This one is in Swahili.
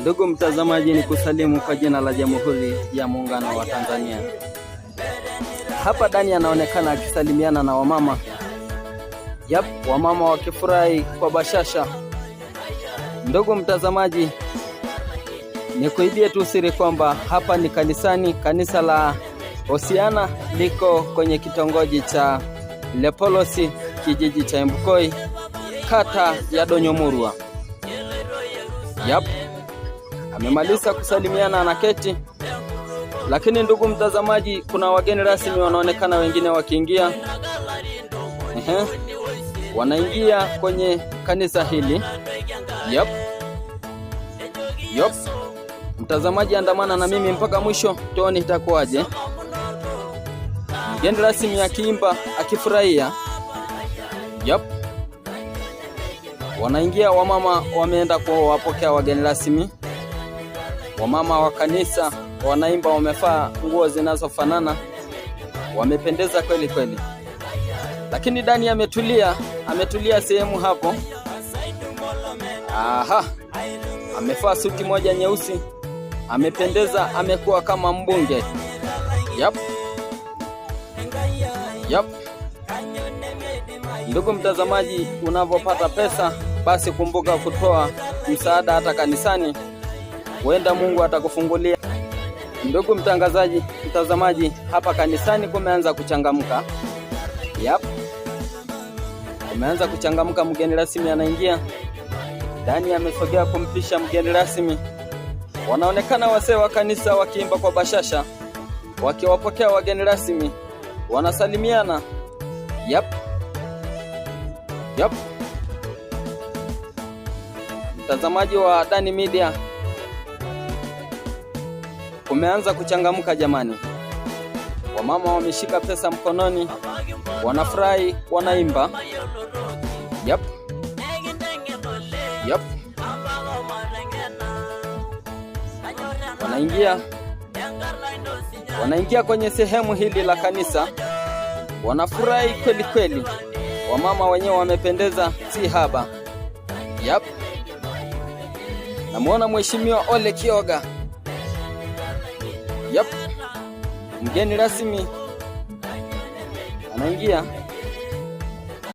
Ndugu mtazamaji, ni kusalimu kwa jina la Jamhuri ya Muungano wa Tanzania. Hapa Dani anaonekana akisalimiana na wamama. Yap, wamama wakifurahi kwa bashasha. Ndugu mtazamaji, ni kuibie tu siri kwamba hapa ni kanisani, kanisa la Osiana liko kwenye kitongoji cha Lepolosi, kijiji cha Embukoi, kata ya Donyomurwa. Yep. amemaliza kusalimiana na keti. Lakini ndugu mtazamaji, kuna wageni rasmi wanaonekana wengine wakiingia. Ehe, wanaingia kwenye kanisa hili. Yep. Yep. mtazamaji, andamana na mimi mpaka mwisho, tuone itakuwaje. Mgeni rasmi akiimba akifurahia. Yep. Wanaingia wamama, wameenda kuwapokea wageni rasmi. Wamama wa kanisa wanaimba, wamevaa nguo zinazofanana, wamependeza kweli kweli, lakini Dani ametulia, ametulia sehemu hapo. Aha, amevaa suti moja nyeusi, amependeza, amekuwa kama mbunge. Yap, yap. Ndugu mtazamaji, unavyopata pesa basi kumbuka kutoa msaada hata kanisani, huenda Mungu atakufungulia. Ndugu mtangazaji, mtazamaji, hapa kanisani kumeanza kuchangamka. Yap, kumeanza kuchangamka. Mgeni rasmi anaingia ndani, amesogea kumpisha mgeni rasmi. Wanaonekana wasee wa kanisa wakiimba kwa bashasha, wakiwapokea wageni rasmi, wanasalimiana. Yap. Yep. Mtazamaji wa Dani Media, umeanza kuchangamka jamani. Wamama wameshika pesa mkononi, wanafurahi, wanaimba. Yep. Yep. Wanaingia wanaingia kwenye sehemu hili la kanisa, wanafurahi kweli kweli. Wamama wenyewe wamependeza si haba. Yap, namwona mheshimiwa Ole Kioga. Yap, mgeni rasmi anaingia.